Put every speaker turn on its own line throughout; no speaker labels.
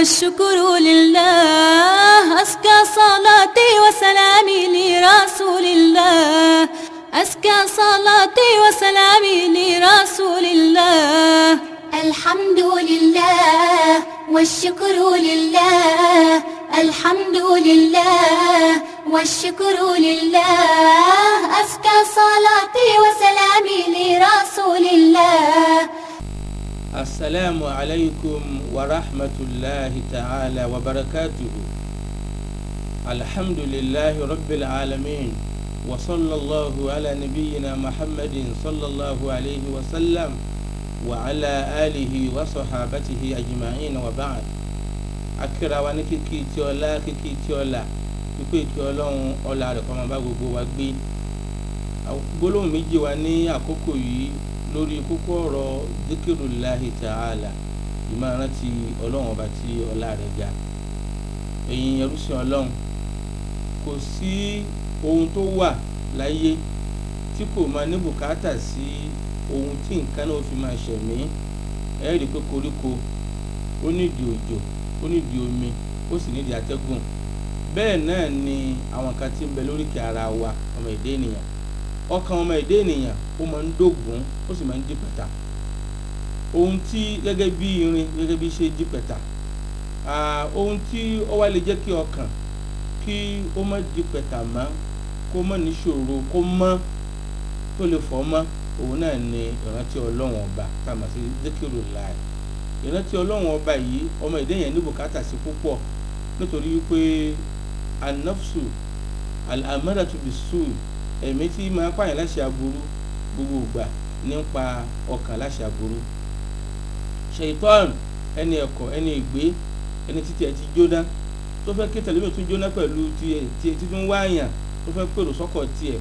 والشكر لله أزكى صلاتي وسلامي لرسول الله أزكى صلاتي وسلامي لرسول الله الحمد لله والشكر لله الحمد لله والشكر لله أزكى صلاتي وسلامي لرسول الله السلام عليكم ورحمة الله تعالى وبركاته الحمد لله رب العالمين وصلى الله على نبينا محمد صلى الله عليه وسلم وعلى آله وصحابته أجمعين وبعد akira wa ní kíkí tí ọlá kíkí tí ọlá ikú ìkí ọlọ́run ọlá rẹ̀ kọ́ máa bá gbogbo wa gbé gbólóhùn méjì wa ní àkókò yìí lórí kókó ọ̀rọ̀ zikirullahi ta'ala ìmọ̀rántí ọlọ́run ọba tí ọlá rẹ̀ ga ẹ̀yin ẹrúsìn ọlọ́run kò sí ohun tó wà láyé tí kò máa ní bùkátà sí ohun tí nǹkan náà fi máa ṣẹ̀mí ẹ rí i pé koríko ó nídìí òjò ó nídìí omi ó sì nídìí atẹ́gùn bẹ́ẹ̀ náà ni àwọn kan tí ń bẹ lóríkèé ara wa ọmọ èdè ènìyàn ọkàn ọmọ èdè ènìyàn ó máa ń dógùn ó sì máa ń dìpẹ̀tà ohun tí gẹ́gẹ́ bí irin gẹ́gẹ́ bí ṣe dìpẹ̀tà ohun tí ó wá lè jẹ́ kí ọkàn kí ó má dìpẹ̀tà mọ́ kó má níṣòro kó mọ́ tó lè fọ́ mọ́ òun náà ni ìrántí ọlọ́run ọba tá a mọ̀ sí zikiru lai ìrántí ọlọ́run ọba yìí ọmọ èdè yẹn ní bùkátà sí púpọ̀ nítorí wípé anafsu al bisu ẹ̀mí tí máa pààyàn láṣẹ aburú gbogbo ìgbà nípa ọkàn láṣẹ aburú ṣèitán ẹni ẹ̀kọ́ ẹni ìgbé ẹni títí ẹ ti jóná tó fẹ́ kí tẹ̀lé mi tún jóná pẹ̀lú tiẹ̀ tiẹ̀ títún wáyàn tó fẹ́ pèrò sọ́kọ̀ tiẹ̀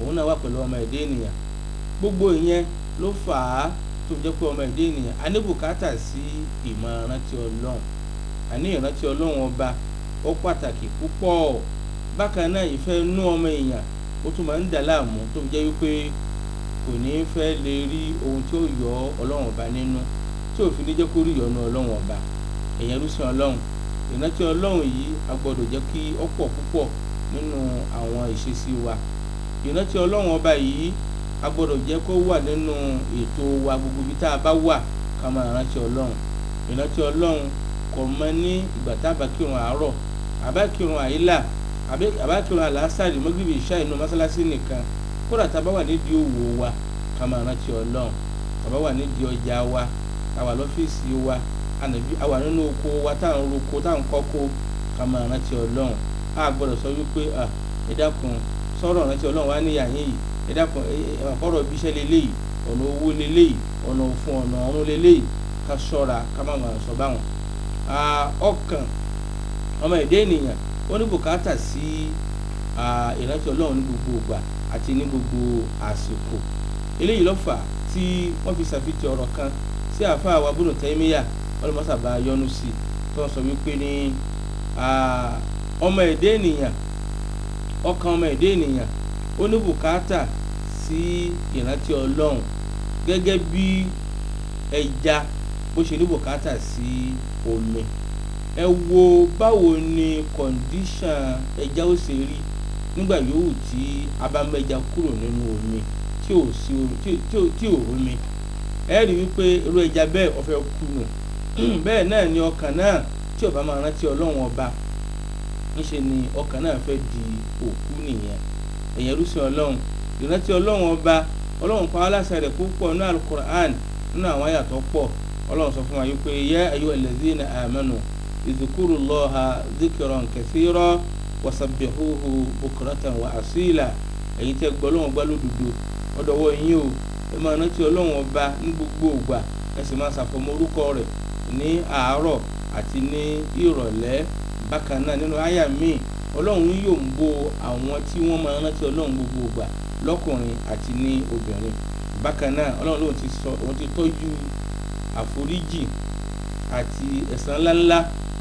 òun náà wà pẹ̀lú ọmọ ẹ̀dẹ́ ènìyàn gbogbo ìyẹn ló fà á tó jẹ́ pé ọmọ ẹ̀dẹ́ ènìyàn a ní bùkátà sí ìmọ̀ ìrántí ọlọ́run àní ìrántí ọlọ́run ọba ó pàtàkì púpọ̀ bákan náà ìfẹ́ nú ọmọ èèyàn ó tún máa ń dà láàmú tó fi jẹ́ wípé kò ní fẹ́ lè rí ohun tí ó yọ ọlọ́run ọba nínú tí òfin ní jẹ́ kó rí ìyọnu ọlọ́run ọba ẹ̀yẹn rúṣin ọlọ́run ìrántí ọlọ́run yìí a gbọ́dọ̀ jẹ́ kí ó pọ̀ púpọ̀ nínú àwọn ìṣesí wa ìrántí ọlọ́run ọba yìí a gbọ́dọ̀ jẹ́ kó wà nínú ètò wa gbogbo ibi tá a bá wà ká máa rántí ọlọ́run ìrántí ọlọ́run kò mọ ní ìgbà tá a bá kírun àárọ̀ àbá kírun àyílà àbákìrún àlàásàrì mọ́gìrì ìṣá inú mọ́sálásí nìkan kódà tá a bá wà nídìí òwò wa ká máa rántí ọlọ́run tá a bá wà nídìí ọjà wa tá a wà lọ́fíìsì wa a wà nínú oko wa tá à ń roko tá à ń kọ́kó ká máa rántí ọlọ́run a gbọ́dọ̀ sọ wípé ẹ dákun sọ̀rọ̀ rántí ọlọ́run wa níyà yín yìí ẹ dákun ọ̀rọ̀ ibiṣẹ́ leléyìí ọ̀nà owó leléyìí ọ̀nà òfun ọ̀nà ọ̀run leléyìí ká ṣọ́ra ká má máa sọ báwọn ọkàn ọmọ ẹ̀dá ènìyàn ó ní bùkátà sí ìrántí ọlọ́run ní gbogbo ìgbà àti ní gbogbo àsìkò eléyìí ló fà tí wọ́n fi ṣàfihàn ọ̀rọ̀ kan sí àáfàá wa Ibn Taymiyyah ọlọ́mọṣàbá yọ́nú sí i tó ń sọ wípé ní ọmọ èdè ènìyàn ọkàn ọmọ èdè ènìyàn ó ní bùkátà sí ìrántí ọlọ́run gẹ́gẹ́ bí ẹja bó ṣe ní bùkátà sí omi. Si ẹ wo báwo ni kọ̀ǹdíṣàn ẹja ó ṣe rí nígbà yòówù tí a bá mẹ́ja kúrò nínú omi tí ò sí omi tí ò omi ẹ rí wípé irú ẹja bẹ́ẹ̀ ọ̀fẹ́ kú bẹ́ẹ̀ náà ni ọkàn náà tí ọba máa rántí ọlọ́run ọba ni ọkàn náà fẹ́ di òkú nìyẹn ọba ọlọ́run pa aláṣẹ rẹ̀ púpọ̀ nínú nínú àwọn àyàtọ̀ pọ̀ sọ fún wa yìí pé yẹ àmẹ́nu izukuru lọha ha kẹsirọ wasabihuhu bukuratan wa asila ẹ̀yin tẹ́ gbọ́ lọ́wọ́ gbá lódodo ọdọwọ yín o ẹ máa rántí Ọlọ́run ọba ní gbogbo ògbà ẹ àárọ̀ àti ní ìrọ̀lẹ́ bákan náà nínú àyà gbogbo lọ́kùnrin àti ní obìnrin bákan náà Ọlọ́run lòun ti tọ́jú àforíjì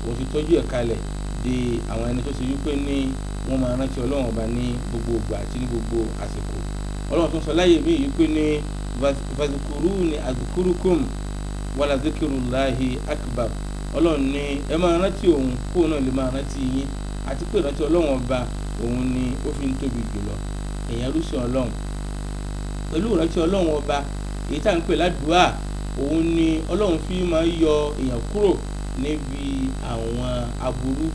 òun ti tọ́jú ẹ̀ kalẹ̀ de àwọn ẹni tó ṣe wípé ní wọ́n máa rántí ọlọ́run ọba ní gbogbo ògbà àti ní gbogbo àsìkò ọlọ́run tó sọ láyè mí wípé ní vazikuru ni azikurukum wàlá zikirulahi akbar ọlọ́run ní ẹ máa rántí òun kóun náà lè máa rántí yín àti pé ìrántí ọlọ́run ọba òun ni ó fi ń tóbi jùlọ èèyàn rúṣin ọlọ́run pẹ̀lú ìrántí ọlọ́run ọba èyí tá à ń pè ládùúà òun ni ọlọ́run fi máa ń yọ èèyàn kúrò níbi àwọn aburú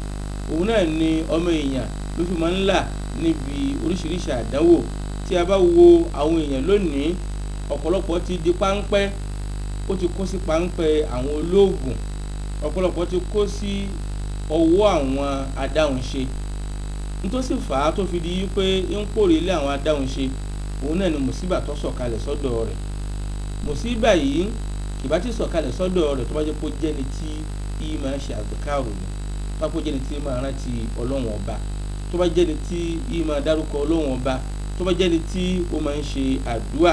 òun náà ni ọmọ èèyàn ló fi máa ń là níbi oríṣiríṣi àdánwò tí a bá wo àwọn èèyàn lónìí ọ̀pọ̀lọpọ̀ ti di páńpẹ́ ó ti kó sí páńpẹ́ àwọn olóògùn ọ̀pọ̀lọpọ̀ ti kó sí ọwọ́ àwọn adáhunṣe nítòsí fà á tó fi di pé ń pòrè lé àwọn adáhunṣe òun náà ni mùsíbà tó sọ̀kalẹ̀ sọ́dọ̀ rẹ̀ mùsíbà yìí kì ti sọ̀kalẹ̀ sọ́dọ̀ rẹ̀ tó bá jẹ́ kó jẹ́ni tí í máa ṣe àgbékàrò ni tó bá jẹ́ni tí máa rántí ọlọ́run ọba tó bá jẹ́ni tí í máa dárúkọ ọlọ́run ọba tó bá jẹ́ni tí ó máa ń ṣe àdúà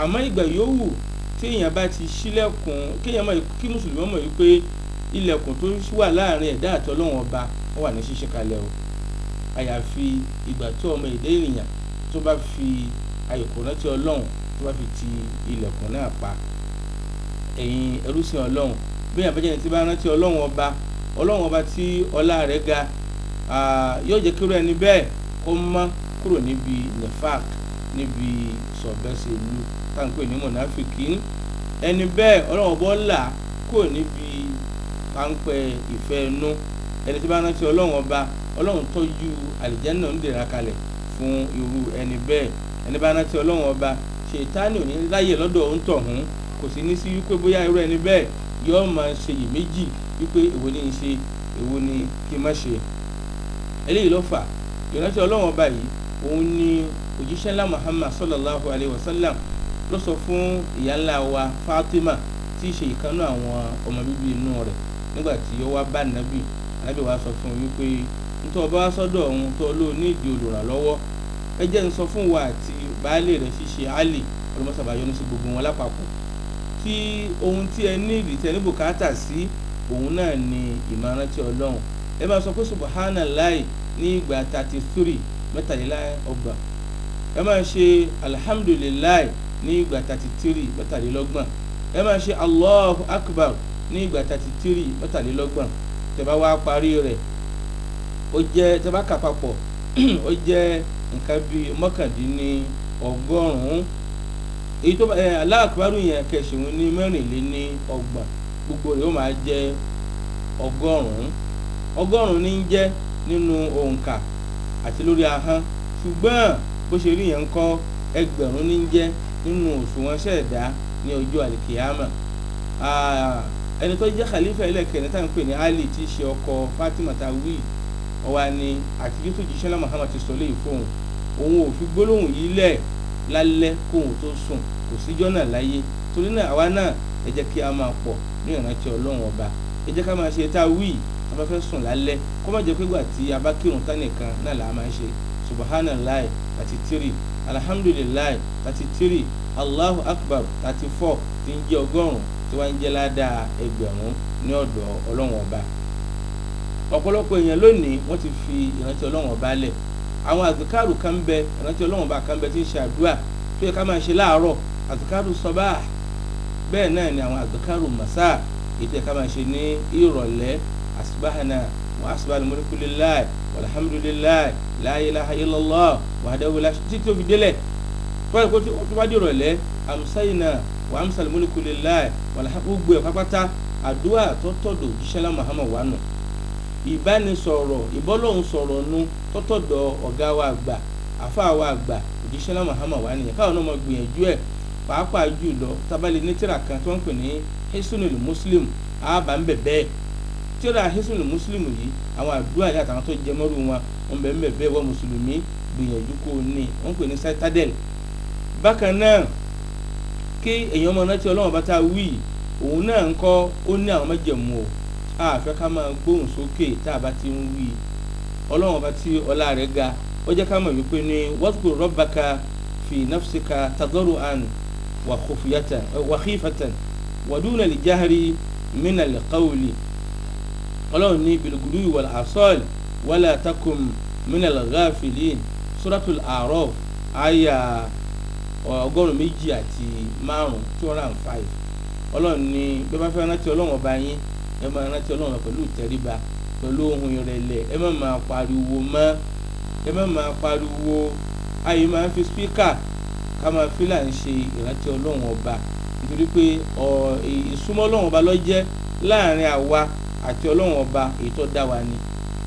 àmọ́ ìgbà yòówù tí èèyàn bá ti ṣílẹ̀kùn kéèyàn mọ̀ kí mùsùlùmí mọ̀ wípé ilẹ̀kùn tó wà láàrin ẹ̀dá àti ọlọ́run ọba ó wà ní ṣíṣe kalẹ̀ o àyàfi ìgbà tí ọmọ èdè ènìyàn tó bá fi àyòkùnrin tí ọlọ́run tó bá fi ti ilẹ̀kùn náà pa ẹ̀yin ẹrúsìn ọlọ́run bẹ́ẹ̀ àbájá ẹni tí bá rántí ọlọ́run ọba ọlọ́run ọba tí ọlá rẹ̀ ga yóò jẹ́ kíró ẹni bẹ́ẹ̀ kó mọ́ kúrò níbi nefak níbi sọ̀bẹ́sẹ̀lú táǹpẹ̀ ní mọ̀náfíkì ẹni bẹ́ẹ̀ ọlọ́run ọba ọ̀là kúrò níbi páńpẹ́ ìfẹ́ inú ẹni tí bá rántí ọlọ́run ọba ọlọ́run tọ́jú àlìjẹ́nà ń dèrà kalẹ̀ fún irú ẹni bẹ́ẹ̀ ẹni bá rántí ọlọ́run ọba ṣètánì ò ní láyè lọ́dọ̀ òun yóò máa ṣèyí méjì wípé èwo ni ń ṣe èwo ni kí n má ṣe eléyìí ló fà ìrántí ọlọ́wọ́n báyìí òun ni òjíṣẹ́ ńlá muhammad sallallahu alayhi wa sallam ló sọ fún ìyá ńlá wa fatima tí í ṣe ìkánú àwọn ọmọ bíbí inú rẹ̀ nígbà tí ó wá bá nàbì nàbì wa sọ fún un wípé nítorí ọba wa sọ́dọ̀ òun tó ló ní ìdí olùrànlọ́wọ́ ẹ jẹ́ ń sọ fún wa àti baálé rẹ̀ ṣíṣe ali ọlọ́mọsàbáyọ́nù sí gbogbo wọn lápapọ̀ tí ohun tí ẹ ní ìrètí ẹ ní bùkátà sí òun náà ni ìmọ̀rántí ọlọ́run ẹ máa sọ pé subhanallah ní ìgbà thirty three mẹ́tàléláọgbà ẹ máa ṣe alhamdulillah ní ìgbà thirty three mẹ́tàlélọ́gbọ̀n ẹ máa ṣe allahu akbar ní ìgbà thirty three mẹ́tàlélọ́gbọ̀n tẹ̀bá wá parí rẹ̀ ó jẹ́ tẹ̀bá kà papọ̀ ó jẹ́ nǹkan bíi ọgọ́rùn èyí tó ẹ aláàkúbárù yẹn kẹsàn-án ní mẹ́rìnléní ọgbọ̀n gbogbo rẹ̀ ó máa jẹ́ ọgọ́rùn-ún ọgọ́rùn-ún ní ń jẹ́ nínú òǹkà àti lórí ahọ́n ṣùgbọ́n bó ṣe rí yẹn ń kọ́ ẹgbẹ̀rún ní ń jẹ́ nínú òṣùwọ̀n ṣẹ̀dá ní ọjọ́ àlìkìyàmà ẹni tó jẹ́ khalifa ẹlẹ́kẹ̀ẹ́ni tá à pè ní ali tí í ṣe ọkọ fatima tawi ọwa ni àti yusuf jíṣẹ́lá muhammad ti sọ léyìí fóun òun ò fi gbólóhùn yìí lẹ̀ lálẹ́ kóhun tó sùn kò síjọ́ náà láyé torí náà àwa náà ẹ jẹ́ kí a máa pọ̀ ní ìrántí ọlọ́run ọba ẹ jẹ́ ká máa ṣe tá a wí tá a bá fẹ́ sùn lálẹ́ kó má jẹ́ pé gbà tí a bá kírun tán nìkan náà là á máa ṣe subhanallah thirty three alhamdulillah thirty three allahu akbar thirty four ti ń jẹ́ ọgọ́rùn-ún tí wọ́n ń jẹ́ ládàá ẹgbẹ̀rún ní ọ̀dọ̀ ọlọ́run ọba ọ̀pọ̀lọpọ̀ èèyàn lónìí wọ́n ti fi ìrántí ọlọ́run ọba lẹ̀ àwọn àzikáàrù kan bẹ ìrántí ọlọ́run bá kan bẹ tí ń ṣe àdúrà tó yẹ ká máa ṣe láàárọ̀ àzikáàrù sọ́bà bẹ́ẹ̀ náà ni àwọn àzikáàrù màsà ètò yẹ ká máa ṣe ní ìrọ̀lẹ́ asibahana wa asibahana mọ́lẹ́kùlélàì walhamdulilayi la ilaha illallah títí tó fi délẹ̀ kó tó bá dìrọ̀lẹ́ amsayina wa amsal mọ́lẹ́kùlélàì wàhádàwó gbé pápátá àdúrà tó tọ̀dọ̀ jíṣẹ́lá Muhammad wà nù. ìbánisọ̀rọ̀ ìbọ́lọ́hún sọ̀rọ̀ nu tọ́tọ̀dọ̀ ọ̀gá wa àgbà àfáà wa àgbà òjíṣẹ́ náà Muhammad wà nìyẹn káwọn ọmọ gbìyànjú ẹ̀ pàápàá jù lọ tábàlì kan tí ń pè ní muslim àbá ń bẹ̀ bẹ́ẹ̀ tíra muslim yìí àwọn àdúrà yìí àtàwọn tó jẹ mọ́rù wọn ń bẹ̀ ń bẹ̀ bẹ́ẹ̀ wọ́n mùsùlùmí gbìyànjú o ní wọ́n pè ní citadel bákan náà kí èèyàn ọmọ náà o àfẹ́ ká máa gbóhùn sókè tá a bá ti ń wí ọlọ́run ọba tí ọlá rẹ̀ ga ó jẹ́ ká mọ̀ wípé ní wọ́sùkò rọ́bàkà fi nafsika tazọ́rù àn wàhífàtàn wàdúnà lè jáhari mínà lè káwùlì ọlọ́run ní bilgudu wàlá asọ́ọ̀lì wàlá takum mínà lè gáfìlì suratul A'raf àyà ọgọ́rùn méjì àti márùn two hundred and five ọlọ́run ní bí wọ́n fẹ́ rántí ọlọ́run ọba yín ẹ máa rántí ọlọ́run pẹ̀lú ìtẹríba pẹ̀lú ohun ìrẹ̀lẹ̀ ẹ má máa pariwo mọ́ ẹ má máa pariwo ayé máa ń fi spíkà ká máa fi là ń ṣe ìrántí ọlọ́run ọba nítorí pé ìsúnmọ́ ọlọ́run ọba ló jẹ́ láàrin àwa àti ọlọ́run ọba èyí tó dá wa ni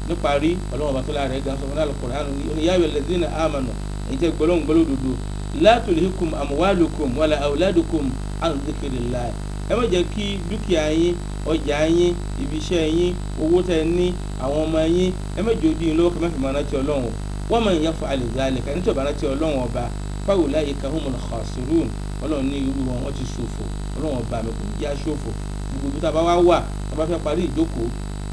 níparí ọlọ́run ọba tó láàrin ẹ̀gá sọ̀rọ̀ náà kọ̀ọ̀rọ̀ àánú ni yā ayyuhal-ladhīna āmanū èyí tẹ́ ẹ má jẹ́ kí dúkìá yín ọjà yín ibi iṣẹ́ yín owó tẹ ní àwọn ọmọ yín ẹ má jẹ́ odi yín lọ́wọ́ kẹ́ má fi máa rántí ọlọ́run wọ́n máa ń yá fún àlèzálè ká nítorí bá rántí ọlọ́run ọba fáwọn láyé ká humul khasirun ọlọ́run ní irú wọn wọ́n ti ṣòfò ọlọ́run ọba mi kò ní jẹ́ aṣòfò gbogbo ibi tá a bá wá wà tá bá fẹ́ parí ìjókòó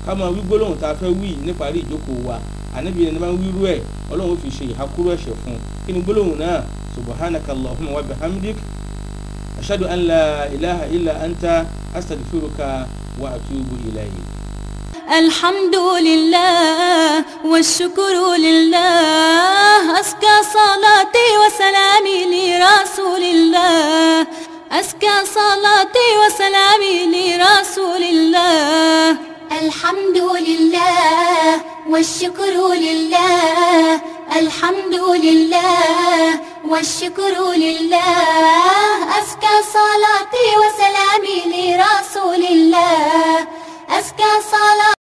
ká máa wí gbólóhùn tá a fẹ́ wí ní parí ìjókòó wa ànábì ẹni máa ń wírú ẹ̀ ọlọ́run ó fi ṣe ìhákúrú ẹ̀ṣẹ̀ fún kí ni gbólóhùn náà subhanakallahumma wa bihamdik أشهد أن لا إله إلا أنت أستغفرك وأتوب إليك الحمد لله والشكر لله أزكى صلاتي وسلامي لرسول الله أزكى صلاتي وسلامي لرسول الله الحمد لله والشكر لله الحمد لله والشكر لله أزكى صلاتي وسلامي لرسول الله أزكى صلاتي